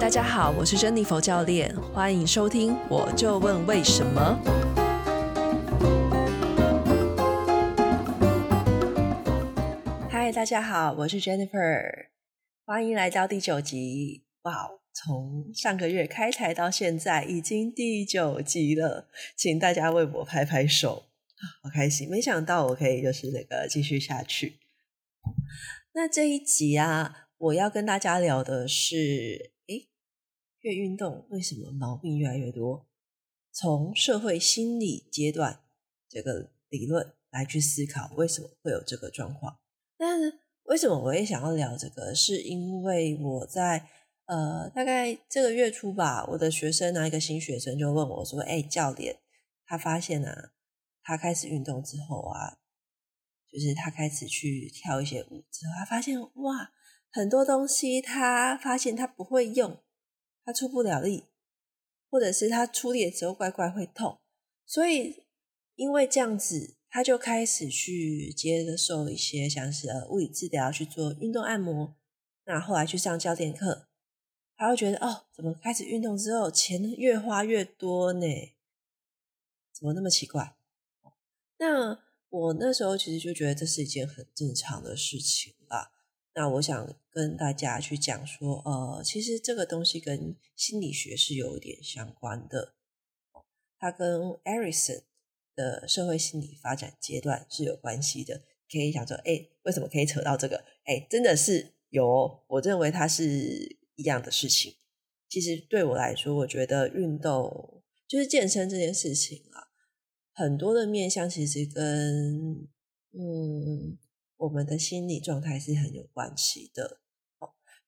大家好，我是 Jennifer 教練，歡迎收聽《我就問為什麼》。嗨，Hi, 大家好，我是 Jennifer，歡迎來到第九集。哇，wow，從上個月開台到現在，已經第九集了，請大家為我拍拍手，好開心！沒想到我可以就是那個繼續下去。那這一集啊，我要跟大家聊的是，越運動為什麼毛病越來越多？從社會心理階段這個理論來去思考，為什麼會有這個狀況？那呢為什麼我也想要聊這個？是因為我在呃，大概這個月初吧，我的學生啊，一個新學生就問我說：“哎、欸，教練，他發現呢、啊，他開始運動之後啊，就是他開始去跳一些舞之後，他發現哇，很多東西他發現他不會用。”他出不了力，或者是他出力的時候，怪怪會痛，所以因為這樣子，他就開始去接受一些像是呃物理治療，去做運動按摩。那後來去上教練課，他會覺得哦，怎麼開始運動之後，錢越花越多呢？怎麼那麼奇怪？那我那時候其實就覺得這是一件很正常的事情啦。那我想跟大家去講說，呃，其實這個東西跟心理學是有點相關的，它跟艾瑞森的社會心理發展階段是有關係的。可以想說，誒，為什麼可以扯到這個？誒，真的是有，我認為它是一樣的事情。其實對我來說，我覺得運動就是健身這件事情啊，很多的面向其實跟嗯。我們的心理狀態是很有關係的。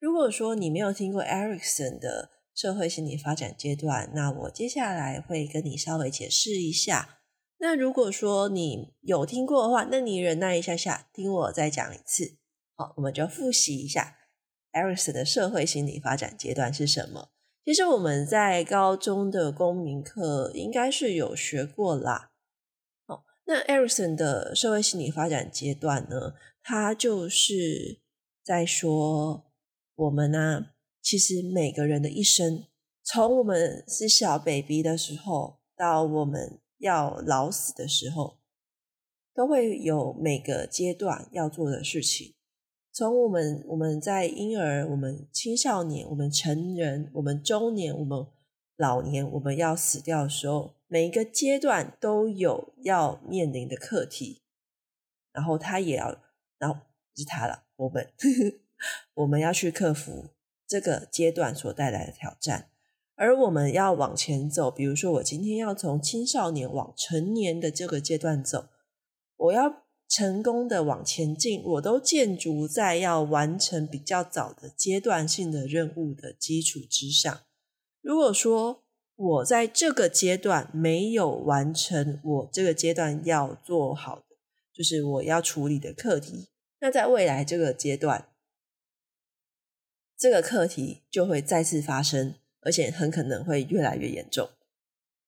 如果說你沒有聽過 Erikson 的社會心理發展階段，那我接下來會跟你稍微解釋一下。那如果說你有聽過的話，那你忍耐一下下，聽我再講一次。好，我們就復習一下 Erikson 的社會心理發展階段是什麼？其實我們在高中的公民課應該是有學過啦。那艾瑞克森的社會心理發展階段呢，他就是在說，我們呢、啊，其實每個人的一生，從我們是小 baby 的時候，到我們要老死的時候，都會有每個階段要做的事情。從我們我們在嬰兒，我們青少年，我們成人，我們中年，我們老年，我們要死掉的時候。每一個階段都有要面臨的課題，然後他也要，然後是他了，我們呵呵我們要去克服這個階段所帶來的挑戰，而我們要往前走。比如說，我今天要從青少年往成年的這個階段走，我要成功的往前進，我都建築在要完成比較早的階段性的任務的基礎之上。如果說，我在這個階段沒有完成我這個階段要做好的，就是我要處理的課題。那在未來這個階段，這個課題就會再次發生，而且很可能會越來越嚴重。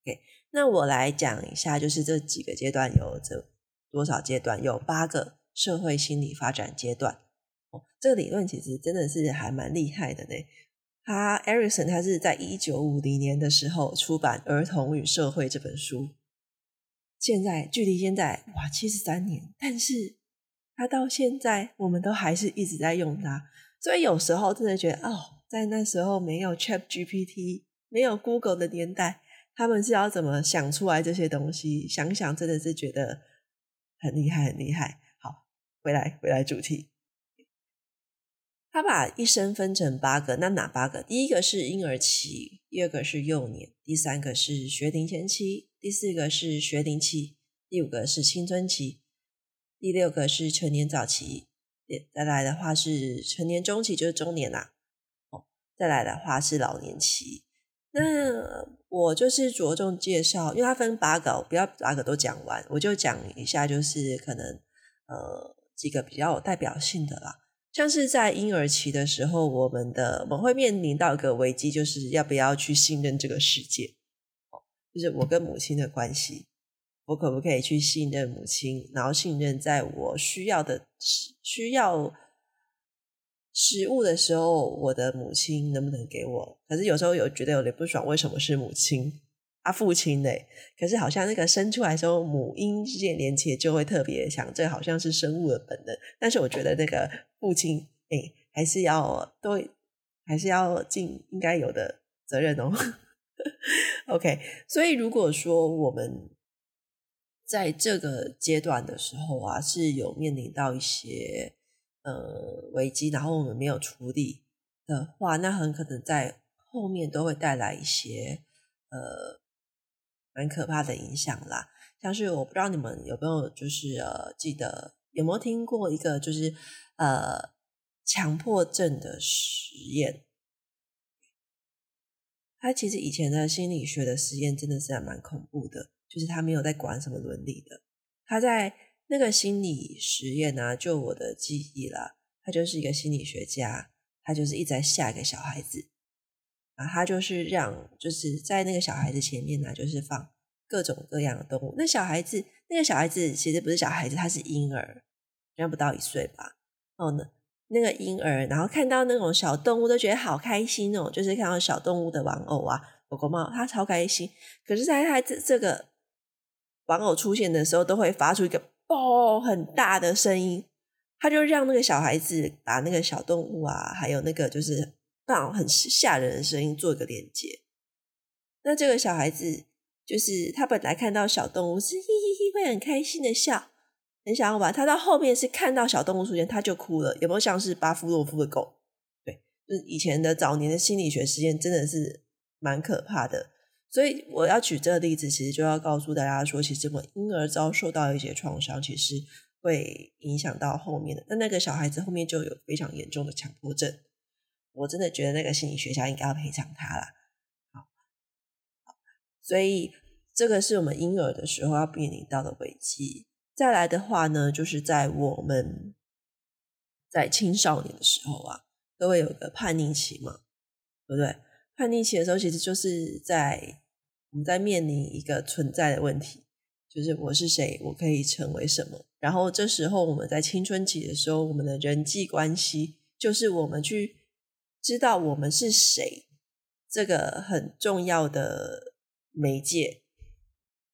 Okay, 那我來講一下，就是這幾個階段有這多少階段？有八個社會心理發展階段。哦，這個理論其實真的是還蠻厲害的呢。他 Erikson，他是在一九五零年的時候出版《兒童與社會》這本書。現在距離現在哇七十三年，但是他到現在我們都還是一直在用它。所以有時候真的覺得，哦，在那時候沒有 ChatGPT、沒有 Google 的年代，他們是要怎麼想出來這些東西？想想真的是覺得很厲害，很厲害。好，回來，回來主題。他把一生分成八個，那哪八個？第一個是嬰兒期，第二個是幼年，第三個是學齡前期，第四個是學齡期，第五個是青春期，第六個是成年早期，再來的話是成年中期，就是中年啦、啊。哦，再來的話是老年期。那我就是着重介紹，因為它分八個，不要八個都講完，我就講一下，就是可能呃幾個比較有代表性的啦。像是在嬰兒期的時候，我們的我們會面臨到一個危機，就是要不要去信任這個世界。就是我跟母親的關係，我可不可以去信任母親？然後信任在我需要的、需要食物的時候，我的母親能不能給我？可是有時候有覺得有點不爽，為什麼是母親？啊，父親呢？欸？可是好像那個生出來的時候，母嬰之間連接就會特別強，這好像是生物的本能。但是我覺得那個父親哎，欸，還是要都還是要盡應該有的責任哦。 OK，所以如果說我們在這個階段的時候啊，是有面臨到一些呃危機，然後我們沒有處理的話，那很可能在後面都會帶來一些呃。蠻可怕的影響啦，像是我不知道你們有沒有就是呃記得有沒有聽過一個就是呃強迫症的實驗，他其實以前的心理學的實驗真的是還蠻恐怖的，就是他沒有在管什麼倫理的，他在那個心理實驗呢、啊，就我的記憶啦，他就是一個心理學家，他就是一直在嚇一個小孩子。啊，他就是讓就是在那個小孩子前面呢、啊，就是放各種各樣的動物。那小孩子，那個小孩子其實不是小孩子，他是嬰兒，應不到一歲吧。然後呢，那那個嬰兒，然後看到那種小動物都覺得好開心哦，就是看到小動物的玩偶啊，狗狗、貓，他超開心。可是在，在他這這個玩偶出現的時候，都會發出一個爆很大的聲音。他就讓那個小孩子把那個小動物啊，還有那個就是。讓很嚇人的聲音做一個連接，那這個小孩子就是他本來看到小動物是嘻嘻嘻會很開心的笑，很想要玩。他到後面是看到小動物出現，他就哭了。有沒有像是巴夫洛夫的狗？對，就是以前的早年的心理學實驗，真的是蠻可怕的。所以我要舉這個例子，其實就要告訴大家說，其實我嬰兒遭受到一些創傷，其實會影響到後面的。那那個小孩子後面就有非常嚴重的強迫症。我真的覺得那個心理學家應該要賠償他啦。好，所以這個是我們嬰兒的時候要面臨到的危機。再來的話呢，就是在我們在青少年的時候啊，都會有一個叛逆期嘛，對不對？叛逆期的時候，其實就是在我們在面臨一個存在的問題，就是我是誰，我可以成為什麼。然後這時候我們在青春期的時候，我們的人際關係就是我們去。知道我們是誰這個很重要的媒介，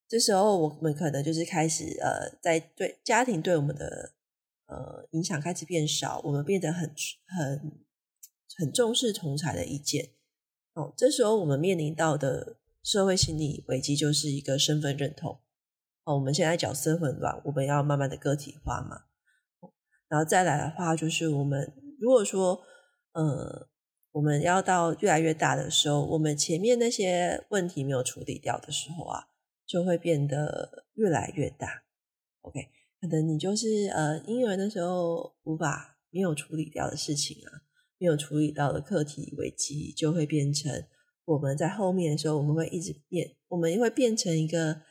這時候我們可能就是開始呃，在對家庭對我們的呃影響開始變少，我們變得很很很重視同儕的意見。哦，這時候我們面臨到的社會心理危機就是一個身份認同。哦，我們現在角色混亂，我們要慢慢的個體化嘛。然後再來的話，就是我們如果說呃。我們要到越來越大的時候，我們前面那些問題沒有處理掉的時候啊，就會變得越來越大。OK，可能你就是呃，嬰兒的時候無法沒有處理掉的事情啊，沒有處理到的課題危機，就會變成我們在後面的時候，我們會一直變，我們會變成一個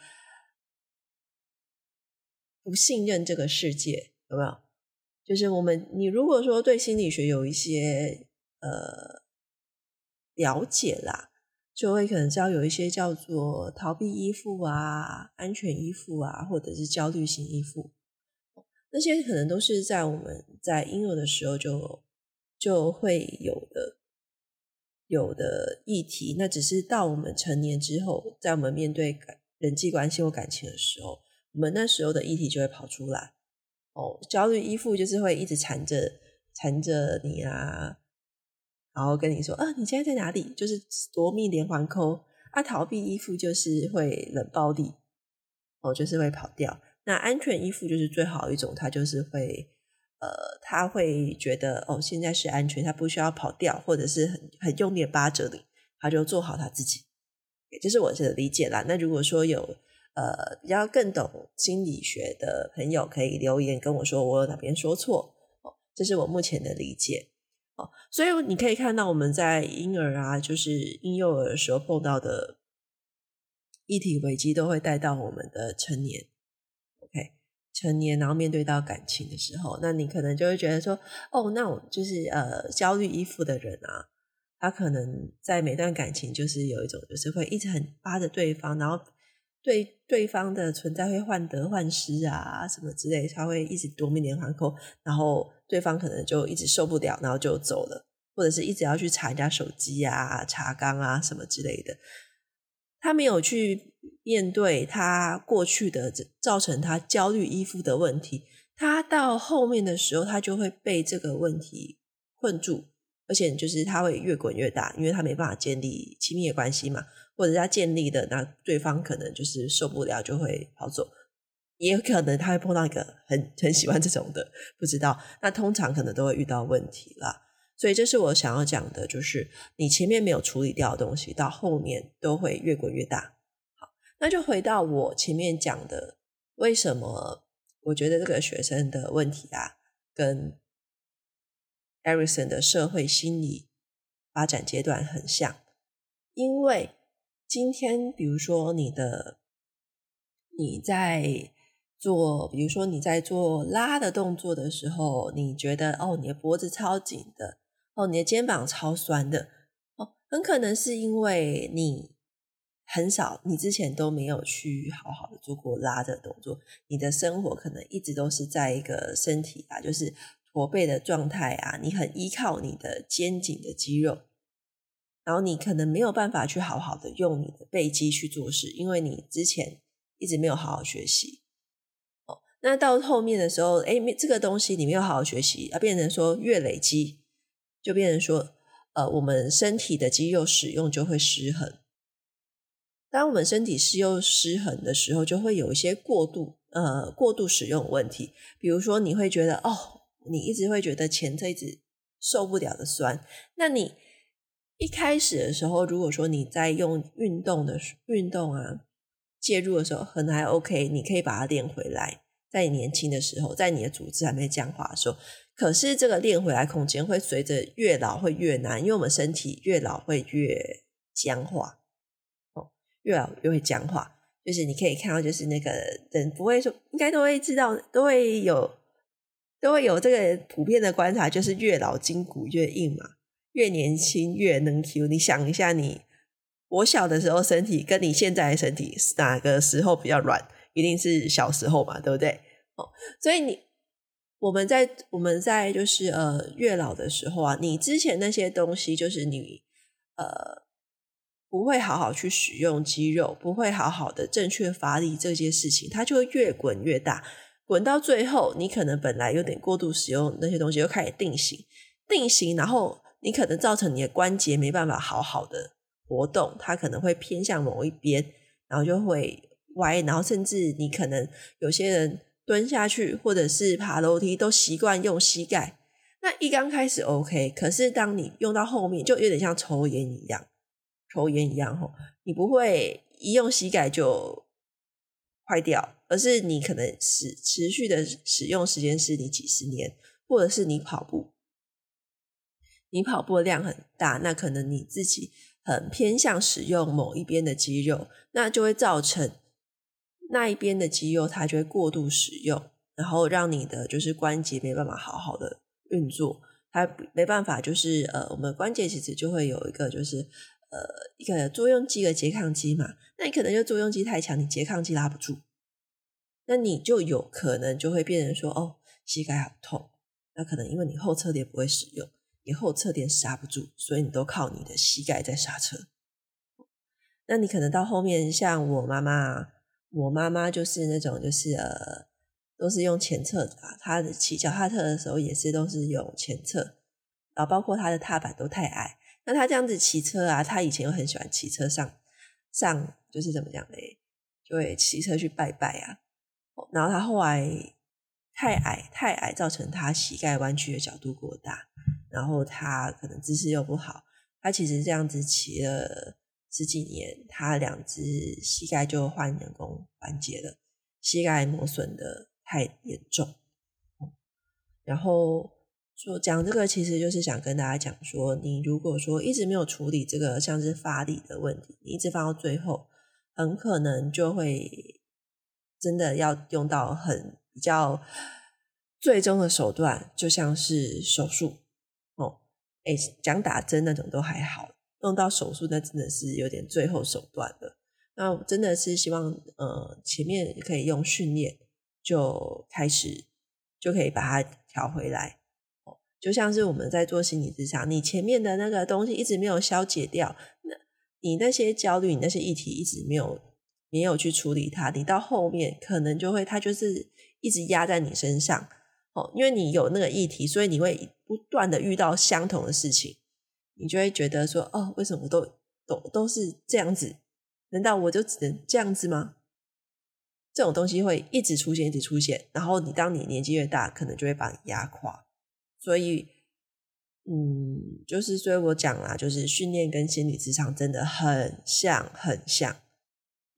不信任這個世界，有沒有？就是我們，你如果說對心理學有一些。呃，了解啦，就會可能知道有一些叫做逃避依附啊、安全依附啊，或者是焦慮型依附，那些可能都是在我們在嬰兒的時候就就會有的有的議題。那只是到我們成年之後，在我們面對人際關係或感情的時候，我們那時候的議題就會跑出來。哦，焦慮依附就是會一直纏着纏着你啊。然後跟你說，呃、哦，你現在在哪裡？就是奪命連環扣啊，逃避依附就是會冷暴力，哦，就是會跑掉。那安全依附就是最好一種，他就是會，呃，他會覺得哦，現在是安全，他不需要跑掉，或者是很很用力的巴著你，他就做好他自己。也就是我的理解啦。那如果說有呃比較更懂心理學的朋友，可以留言跟我說我有哪邊說錯。哦，這是我目前的理解。所以你可以看到，我們在嬰兒啊，就是嬰幼兒的時候碰到的議題、危機，都會帶到我們的成年。OK，成年然後面對到感情的時候，那你可能就會覺得說，哦，那我就是呃焦慮依附的人啊，他可能在每段感情就是有一種，就是會一直很扒着對方，然後。對對方的存在會患得患失啊，什麼之類，他會一直奪命連環扣，然後對方可能就一直受不了，然後就走了，或者是一直要去查人家手機啊、查崗啊什麼之類的。他沒有去面對他過去的造成他焦慮依附的問題，他到後面的時候，他就會被這個問題困住，而且就是他會越滾越大，因為他沒辦法建立親密的關係嘛。或者他建立的，那對方可能就是受不了，就會跑走；也有可能他會碰到一個很很喜歡這種的，不知道。那通常可能都會遇到問題了。所以這是我想要講的，就是你前面沒有處理掉的東西，到後面都會越滾越大。好，那就回到我前面講的，為什麼我覺得這個學生的問題啊，跟艾瑞森的社會心理發展階段很像，因為。今天，比如說你的你在做，比如說你在做拉的動作的時候，你覺得哦，你的脖子超緊的，哦，你的肩膀超酸的，哦，很可能是因為你很少，你之前都沒有去好好的做過拉的動作，你的生活可能一直都是在一個身體啊，就是駝背的狀態啊，你很依靠你的肩頸的肌肉。然後你可能沒有辦法去好好的用你的背肌去做事，因為你之前一直沒有好好學習。哦，那到後面的時候，哎，這個東西你沒有好好學習，要、啊、變成說越累積，就變成說，呃，我們身體的肌肉使用就會失衡。當我們身體使用失衡的時候，就會有一些過度，呃，過度使用問題。比如說，你會覺得，哦，你一直會覺得前側一直受不了的酸，那你。一開始的時候，如果說你在用運動的運動啊介入的時候，可能還 OK，你可以把它練回來。在你年輕的時候，在你的組織還沒僵化的時候，可是這個練回來空間會隨着越老會越難，因為我們身體越老會越僵化，哦，越老越會僵化。就是你可以看到，就是那個人不會說，應該都會知道，都會有，都會有這個普遍的觀察，就是越老筋骨越硬嘛。越年輕越軟 Q，你想一下你，你我小的時候身體跟你現在的身體，哪個時候比較軟？一定是小時候嘛，對不對？哦，所以你我們在我們在就是呃越老的時候啊，你之前那些東西就是你呃不會好好去使用肌肉，不會好好的正確發力這些事情，它就會越滾越大，滾到最後，你可能本來有點過度使用那些東西，又開始定型，定型然後。你可能造成你的關節沒辦法好好的活動，它可能會偏向某一邊，然後就會歪，然後甚至你可能有些人蹲下去或者是爬樓梯都習慣用膝蓋，那一剛開始 OK，可是當你用到後面，就有點像抽煙一樣，抽煙一樣吼，你不會一用膝蓋就壞掉，而是你可能持持續的使用時間是你幾十年，或者是你跑步，你跑步的量很大，那可能你自己很偏向使用某一邊的肌肉，那就會造成那一邊的肌肉它就會過度使用，然後讓你的就是關節沒辦法好好的運作，它沒辦法就是呃，我們關節其實就會有一個就是呃一個作用肌和拮抗肌嘛，那你可能就作用肌太強，你拮抗肌拉不住，那你就有可能就會變成說哦膝蓋好痛，那可能因為你後側鏈不會使用。以後側點剎不住，所以你都靠你的膝蓋在剎車。那你可能到後面，像我媽媽，我媽媽就是那種，就是呃，都是用前側的。她的騎腳踏車的時候也是都是用前側，然後包括她的踏板都太矮。那她這樣子騎車啊，她以前又很喜歡騎車上上，就是怎麼講呢、欸，就會騎車去拜拜啊。然後她後來太矮，太矮造成她膝蓋彎曲的角度過大。然後他可能姿勢又不好，他其實這樣子騎了十幾年，他兩隻膝蓋就換人工關節了，膝蓋磨損的太嚴重。嗯。然後說講這個其實就是想跟大家講說，你如果說一直沒有處理這個像是發力的問題，你一直放到最後，很可能就會真的要用到很比較最終的手段，就像是手術。哎，講打針那種都還好，弄到手術那真的是有點最後手段了。那我真的是希望，呃，前面可以用訓練就開始就可以把它調回來。就像是我們在做心理諮詢，你前面的那個東西一直沒有消解掉，那你那些焦慮、你那些議題一直沒有沒有去處理它，你到後面可能就會，它就是一直壓在你身上。哦、因為你有那個議題，所以你會不斷的遇到相同的事情，你就會覺得說：“哦，為什麼都都都是這樣子？難道我就只能這樣子嗎？”這種東西會一直出現，一直出現。然後你當你年紀越大，可能就會把你壓垮。所以，嗯，就是所以我講啦，就是訓練跟心理諮商真的很像，很像。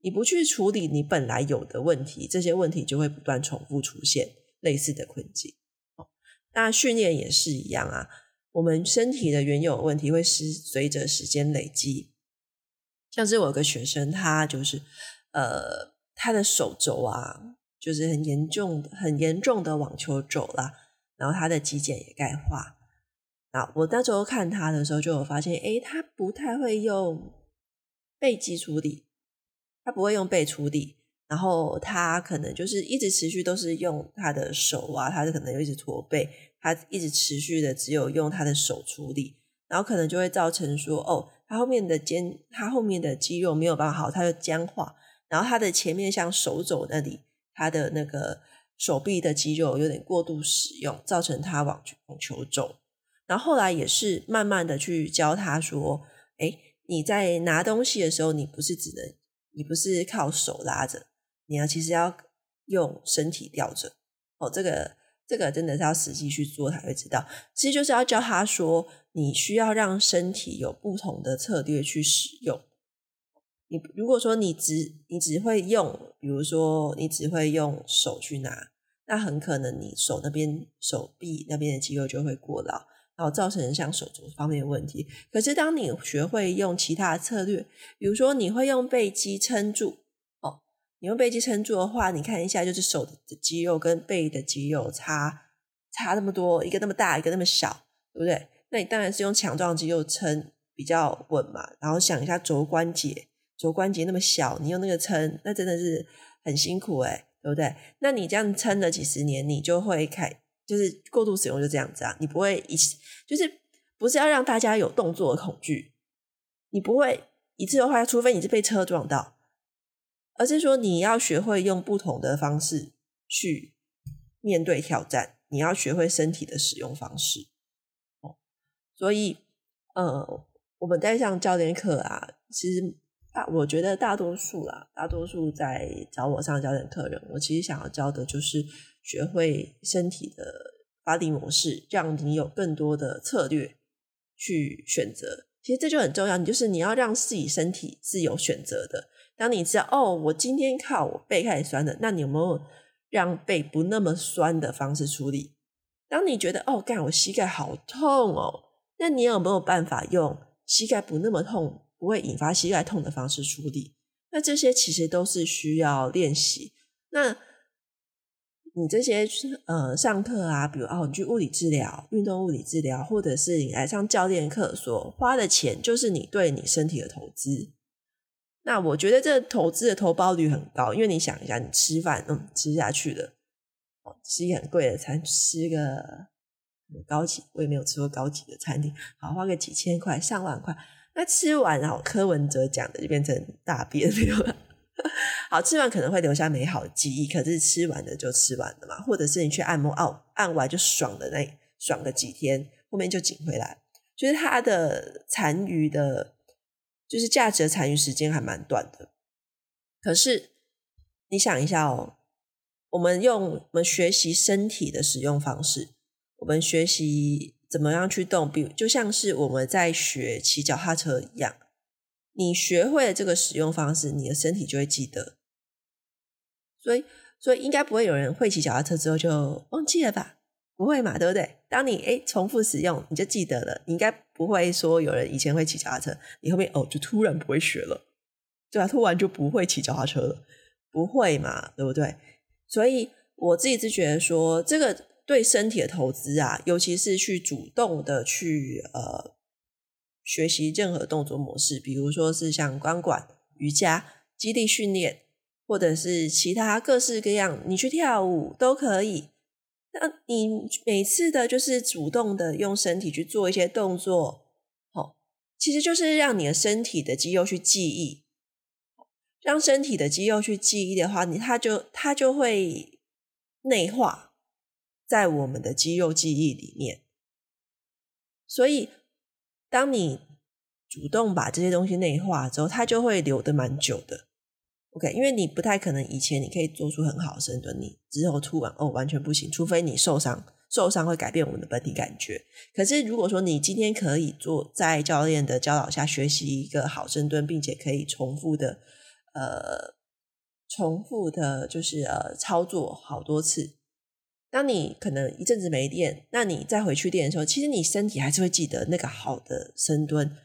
你不去處理你本來有的問題，這些問題就會不斷重複出現。類似的困境，那訓練也是一樣啊。我們身體的原有問題會隨隨着時間累積，像是我有個學生，他就是呃，他的手肘啊，就是很嚴重、很嚴重的網球肘啦，然後他的肌腱也鈣化。那我那時候看他的時候，就有發現，誒，他不太會用背肌出力，他不會用背出力。然後他可能就是一直持續都是用他的手啊，他可能又一直駝背，他一直持續的只有用他的手處理，然後可能就會造成說，哦，他後面的肩，他後面的肌肉沒有辦法好，他就僵化，然後他的前面像手肘那裡，他的那個手臂的肌肉有點過度使用，造成他網球網球肘，然後後來也是慢慢的去教他說，哎，你在拿東西的時候，你不是只能，你不是靠手拉着。你要、啊、其實要用身體吊着哦，這個這個真的是要實際去做才會知道。其實就是要教他說，你需要讓身體有不同的策略去使用。你如果說你只你只會用，比如說你只會用手去拿，那很可能你手那邊手臂那邊的肌肉就會過勞，然後造成像手足方面的問題。可是當你學會用其他的策略，比如說你會用背肌撐住。你用背肌撐住的話，你看一下，就是手的肌肉跟背的肌肉差差那麼多，一個那麼大，一個那麼小，對不對？那你當然是用強壯的肌肉撐比較穩嘛。然後想一下肘關節，肘關節那麼小，你用那個撐，那真的是很辛苦哎、欸，對不對？那你這樣撐了幾十年，你就會開，就是過度使用就這樣子啊。你不會一次，就是不是要讓大家有動作的恐懼，你不會一次的話，除非你是被車撞到。而是說，你要學會用不同的方式去面對挑戰。你要學會身體的使用方式。哦，所以，呃，我們在上教練課啊，其實我覺得大多數啦、啊，大多數在找我上教練課人，我其實想要教的就是學會身體的發力模式，讓你有更多的策略去選擇。其實這就很重要，你就是你要讓自己身體是有選擇的。當你知道哦，我今天靠我背開始酸了，那你有沒有讓背不那麼酸的方式處理？當你覺得哦，幹我膝蓋好痛哦，那你有沒有辦法用膝蓋不那麼痛，不會引發膝蓋痛的方式處理？那這些其實都是需要練習。那你這些呃上課啊，比如哦，你去物理治療、運動物理治療，或者是你來上教練課所花的錢，就是你對你身體的投資。那我覺得這投資的投報率很高，因為你想一下，你吃飯，嗯，吃下去的，哦，吃一個很貴的餐，吃個高級，我也沒有吃過高級的餐廳，好，花個幾千塊，上萬塊，那吃完，然後柯文哲講的就變成大便流， 好，吃完可能會留下美好記憶，可是吃完了就吃完了嘛，或者是你去按摩哦，out, 按完就爽的，那爽個幾天，後面就緊回來。就是他的殘餘的。就是價值的殘餘時間還蠻短的，可是你想一下哦,我們用我們學習身體的使用方式，我們學習怎麼樣去動，比如就像是我們在學騎腳踏車一樣，你學會了這個使用方式，你的身體就會記得，所以所以應該不會有人會騎腳踏車之後就忘記了吧？不會嘛，對不對？當你哎重複使用，你就記得了，你應該。不會說有人以前會騎腳踏車，你後面哦就突然不會學了，對吧？啊？突然就不會騎腳踏車了，不會嘛，對不對？所以我自己是覺得說，這個對身體的投資啊，尤其是去主動的去呃學習任何動作模式，比如說是像鋼管、瑜伽、肌力訓練，或者是其他各式各樣，你去跳舞都可以。那你每次的就是主動的用身體去做一些動作，好、哦，其實就是讓你的身體的肌肉去記憶，讓身體的肌肉去記憶的話，你它就它就會內化在我們的肌肉記憶裡面。所以，當你主動把這些東西內化之後，它就會留得蠻久的。OK，因為你不太可能以前你可以做出很好的深蹲，你之後突然，哦，完全不行，除非你受傷，受傷會改變我們的本體感覺。可是如果說你今天可以做，在教練的教導下學習一個好深蹲，並且可以重複的呃，重複的，就是呃，操作好多次。當你可能一陣子沒練，那你再回去練的時候，其實你身體還是會記得那個好的深蹲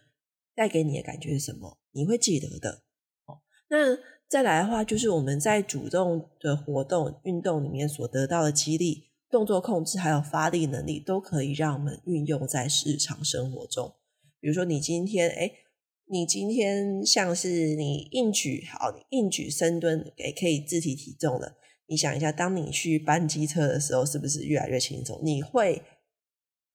帶給你的感覺是什麼，你會記得的。哦，那。再來的話，就是我們在主動的活動、運動裡面所得到的肌力動作控制，還有發力能力，都可以讓我們運用在日常生活中。比如說，你今天，誒、欸、你今天像是你硬舉，好，你硬舉深蹲，誒可以自體體重了。你想一下，當你去搬機車的時候，是不是越來越輕鬆？你會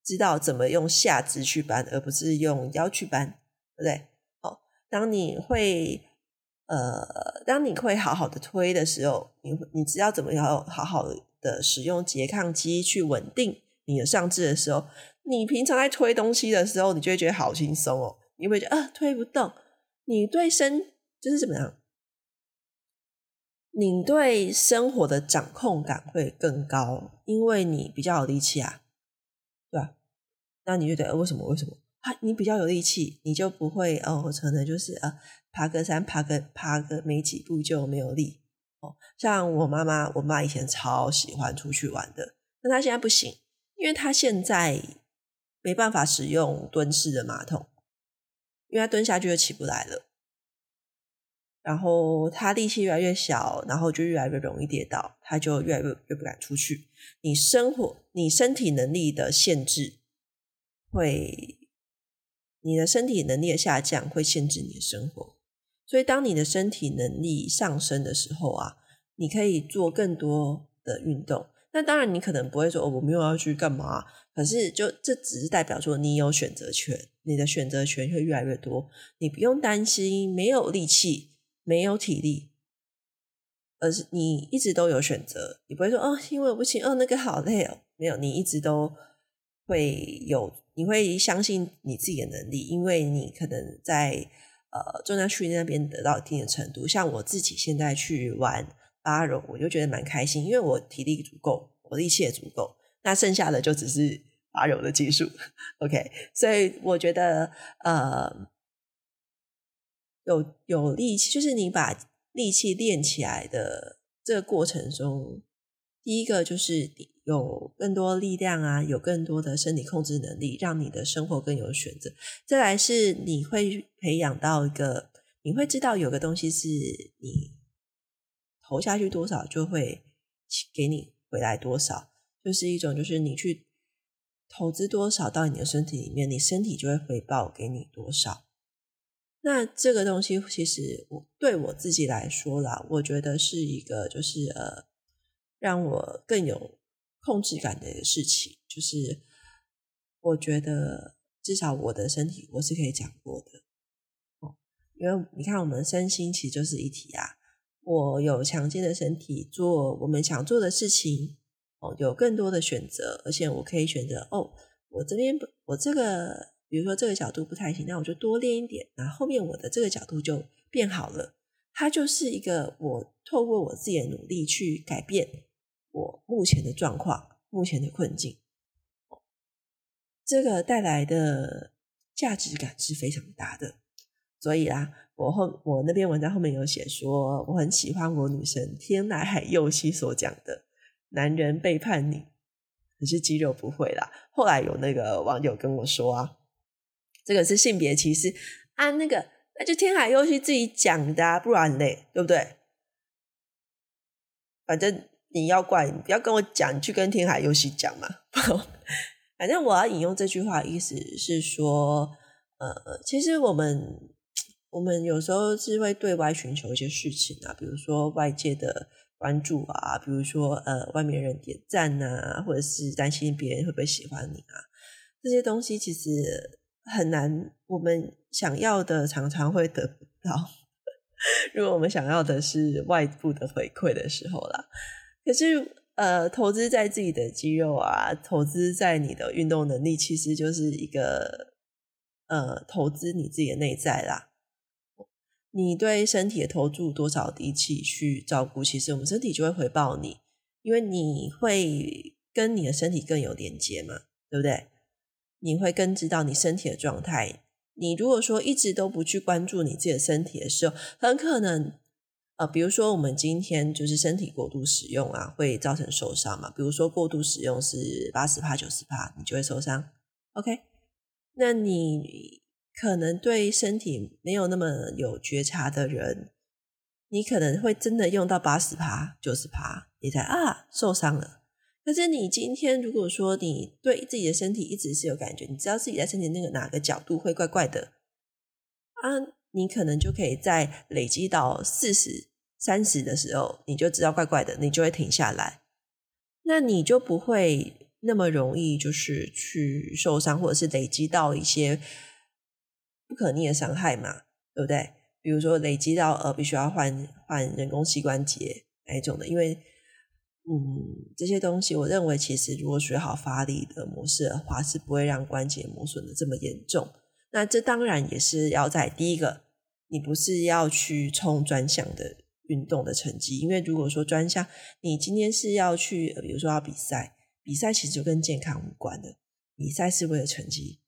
知道怎麼用下肢去搬，而不是用腰去搬，對不對？哦，當你會。呃，當你會好好的推的時候，你你知道怎麼樣好好的使用拮抗肌，去穩定你的上肢的時候，你平常在推東西的時候，你就會覺得好輕鬆哦。你會覺得啊、呃，推不動，你對生就是怎麼樣？你對生活的掌控感會更高，因為你比較有力氣啊，對吧、啊？那你就覺得、呃，為什麼？為什麼？啊，你比較有力氣，你就不會哦，可能就是呃，爬個山，爬個爬個沒幾步就沒有力哦。像我媽媽，我媽以前超喜歡出去玩的，但她現在不行，因為她現在沒辦法使用蹲式的馬桶，因為她蹲下去就起不來了。然後她力氣越來越小，然後就越來越容易跌倒，她就越來越越不敢出去。你生活，你身體能力的限制會。你的身體能力的下降會限制你的生活，所以當你的身體能力上升的時候啊，你可以做更多的運動。那當然，你可能不會說“我沒有要去幹嘛”，可是就這只是代表說你有選擇權，你的選擇權會越來越多。你不用擔心沒有力氣、沒有體力，而是你一直都有選擇，你不會說“哦，因為我不行，哦，那個好累哦”。沒有，你一直都。會有，你會相信你自己的能力，因為你可能在呃中央區那邊得到一定的程度。像我自己現在去玩巴柔，我就覺得蠻開心，因為我體力足夠，我力氣也足夠，那剩下的就只是巴柔的技術。OK，所以我覺得呃有有力氣，就是你把力氣練起來的這個過程中。第一個就是你有更多力量啊，有更多的身體控制能力，讓你的生活更有選擇。再來是你會培養到一個，你會知道有個東西是你投下去多少就會給你回來多少，就是一種就是你去投資多少到你的身體裡面，你身體就會回報給你多少。那這個東西其實我對我自己來說啦，我覺得是一個就是，呃。讓我更有控制感的一個事情，就是我覺得至少我的身體我是可以掌握的哦。因為你看，我們身心其實就是一體啊。我有強健的身體，做我們想做的事情，哦，有更多的選擇，而且我可以選擇哦。我這邊不，我這個，比如說這個角度不太行，那我就多練一點，那後面我的這個角度就變好了。它就是一個我透過我自己的努力去改變。我目前的狀況，目前的困境，這個帶來的價值感是非常大的。所以啊，我後我那篇文章後面有寫說，我很喜歡我女神天海佑希所講的：男人背叛你，可是肌肉不會啦。後來有那個網友跟我說啊，這個是性別歧視啊。那個那就天海佑希自己講的，啊，不然嘞，對不對？反正。你要怪你不要跟我講，你去跟天海遊戲講嘛。 反正我要引用這句話的意思是說，呃，其實我們我們有時候是會對外尋求一些事情啊，比如說外界的關注啊，比如說呃，外面人點讚啊，或者是擔心別人會不會喜歡你啊，這些東西其實很難，我們想要的常常會得不到。 如果我們想要的是外部的回饋的時候啦。可是，呃，投資在自己的肌肉啊，投資在你的運動能力，其實就是一個呃，投資你自己的內在啦。你對身體的投注多少力氣去照顧，其實我們身體就會回報你，因為你會跟你的身體更有連接嘛，對不對？你會更知道你身體的狀態。你如果說一直都不去關注你自己的身體的時候，很可能。呃，比如說我們今天就是身體過度使用啊，會造成受傷嘛。比如說過度使用是八十趴、九十趴，你就會受傷。OK，那你可能對身體沒有那麼有覺察的人，你可能會真的用到八十趴、九十趴，你才啊受傷了。可是你今天如果說你對自己的身體一直是有感覺，你知道自己在身體那個哪個角度會怪怪的啊，你可能就可以在累積到四十。三十的時候，你就知道怪怪的，你就會停下來，那你就不會那麼容易就是去受傷，或者是累積到一些不可逆的傷害嘛，對不對？比如說累積到呃，必須要換換人工膝關節那一種的，因為嗯，這些東西，我認為其實如果學好發力的模式的話，是不會讓關節磨損的這麼嚴重。那這當然也是要在第一個，你不是要去衝專項的。運動的成績，因為如果說專項，你今天是要去，比如說要比賽，比賽其實就跟健康無關的，比賽是為了成績。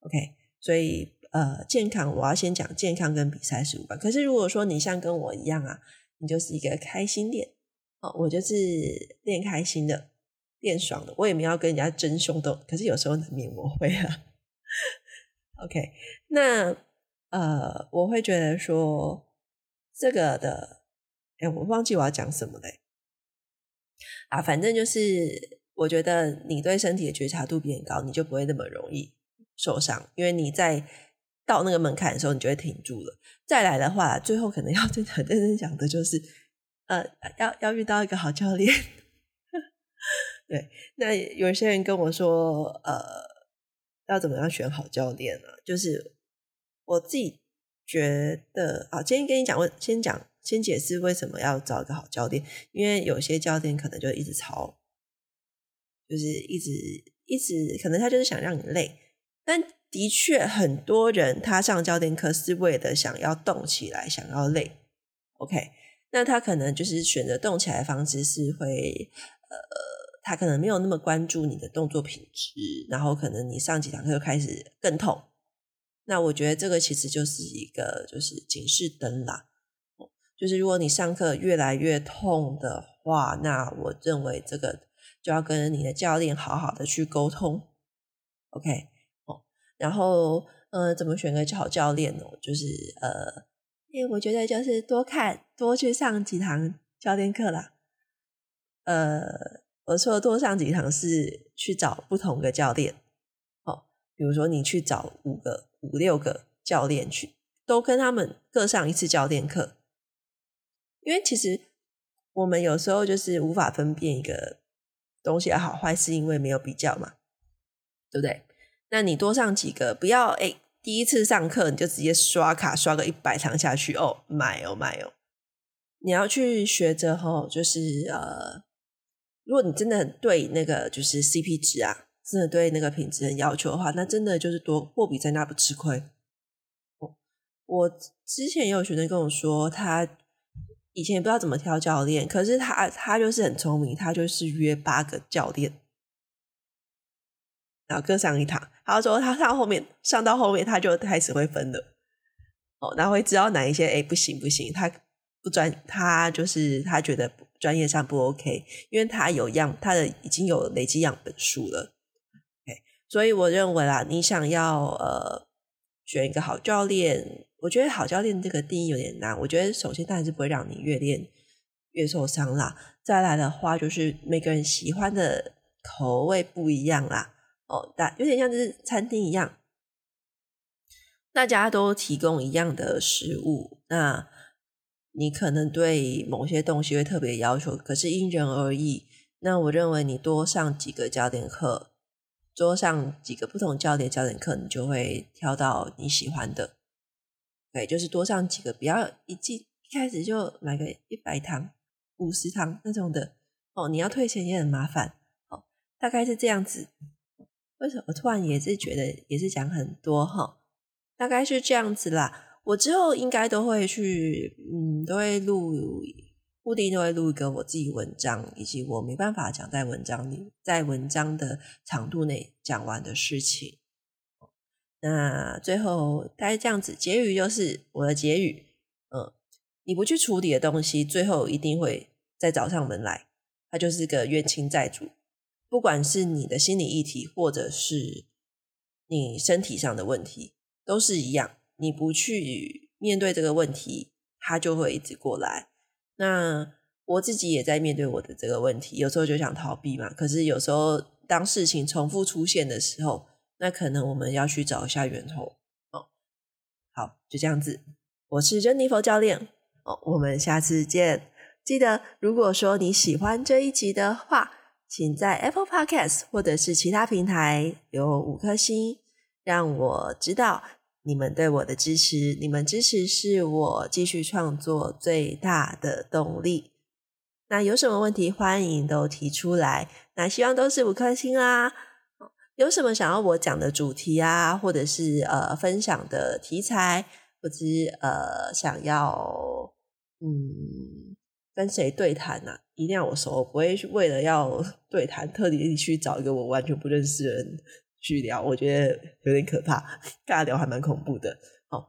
OK，所以呃，健康我要先講，健康跟比賽是無關。可是如果說你像跟我一樣啊，你就是一個開心練，哦，我就是練開心的，練爽的，我也沒要跟人家爭凶鬥，可是有時候難免我會啊。OK，那呃，我會覺得說這個的。欸、我忘記我要講什麼嘞啊！反正就是，我覺得你對身體的覺察度比較高，你就不會那麼容易受傷，因為你在到那個門檻的時候，你就會停住了。再來的話，最後可能要真真正正講的就是，呃，要要遇到一個好教練。 對，那有些人跟我說，呃，要怎麼樣選好教練啊？就是我自己覺得，啊，今天跟你講，我先講。先解釋為什麼要找一個好教練，因為有些教練可能就一直吵。就是一直一直，可能他就是想讓你累。但的確，很多人他上教練課是為了想要動起來，想要累。OK，那他可能就是選擇動起來的方式是會，呃，他可能沒有那麼關注你的動作品質，然後可能你上幾堂課就開始更痛。那我覺得這個其實就是一個就是警示燈啦。就是如果你上課越來越痛的話，那我認為這個就要跟你的教練好好的去溝通，OK 哦。然後，呃，怎麼選個好教練呢？就是，呃，因為我覺得就是多看，多去上幾堂教練課啦。呃，我說多上幾堂是去找不同的教練，哦，比如說你去找五個、五六個教練去，都跟他們各上一次教練課。因為其實我們有時候就是無法分辨一個東西的好壞，是因為沒有比較嘛，對不對？那你多上幾個，不要誒第一次上課你就直接刷卡刷個一百堂下去哦，買哦買哦。你要去學着哈、哦，就是呃，如果你真的很對那個就是 CP 值啊，真的對那個品質很要求的話，那真的就是多貨比三家不吃虧。我、哦、我之前也有學生跟我說他。以前也不知道怎麼挑教練，可是他他就是很聰明，他就是約八個教練，然後各上一趟。之後他上後面上到後面，他就開始會分了。哦，然後會知道哪一些誒不行不行，他不專，他就是他覺得專業上不 OK，因為他有樣他的已經有累積樣本數了。OK, 所以我認為啦，你想要呃選一個好教練。我覺得好教練這個定義有點難。我覺得首先當然是不會讓你越練越受傷啦。再來的話，就是每個人喜歡的口味不一樣啦。哦，但有點像就是餐廳一樣，大家都提供一樣的食物，那你可能對某些東西會特別要求，可是因人而異。那我認為你多上幾個教練課，多上幾個不同教練教練課，你就會挑到你喜歡的。對，就是多上幾個，不要一進，一開始就買個一百堂、五十堂那種的哦。你要退錢也很麻煩哦，大概是這樣子。為什麼突然也是覺得也是講很多哈、哦？大概是這樣子啦。我之後應該都會去，嗯，都會錄，固定都會錄一個我自己文章，以及我沒辦法講在文章裡，在文章的長度內講完的事情。那最後，大概這樣子，結語就是我的結語。嗯，你不去處理的東西，最後一定會再找上門來。它就是個冤親債主，不管是你的心理議題，或者是你身體上的問題，都是一樣。你不去面對這個問題，它就會一直過來。那我自己也在面對我的這個問題，有時候就想逃避嘛。可是有時候，當事情重複出現的時候，那可能我們要去找一下源頭哦。好，就這樣子。我是珍妮佛教練哦，我們下次見。記得，如果說你喜歡這一集的話，請在 Apple Podcast 或者是其他平台有五顆星，讓我知道你們對我的支持。你們支持是我繼續創作最大的動力。那有什麼問題，歡迎都提出來。那希望都是五顆星啦。有什麼想要我講的主題啊，或者是呃分享的題材，或者是呃想要嗯跟誰對談啊？一定要我說，我不會為了要對談，特地去找一個我完全不認識的人去聊，我覺得有點可怕，尬聊還蠻恐怖的。哦，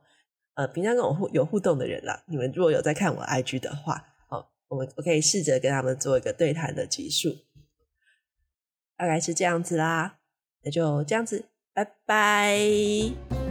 呃，平常跟我互有互動的人啦，你們如果有在看我 IG 的話，哦，我們我可以試着跟他們做一個對談的集數，大概是這樣子啦。那就這樣子，拜拜。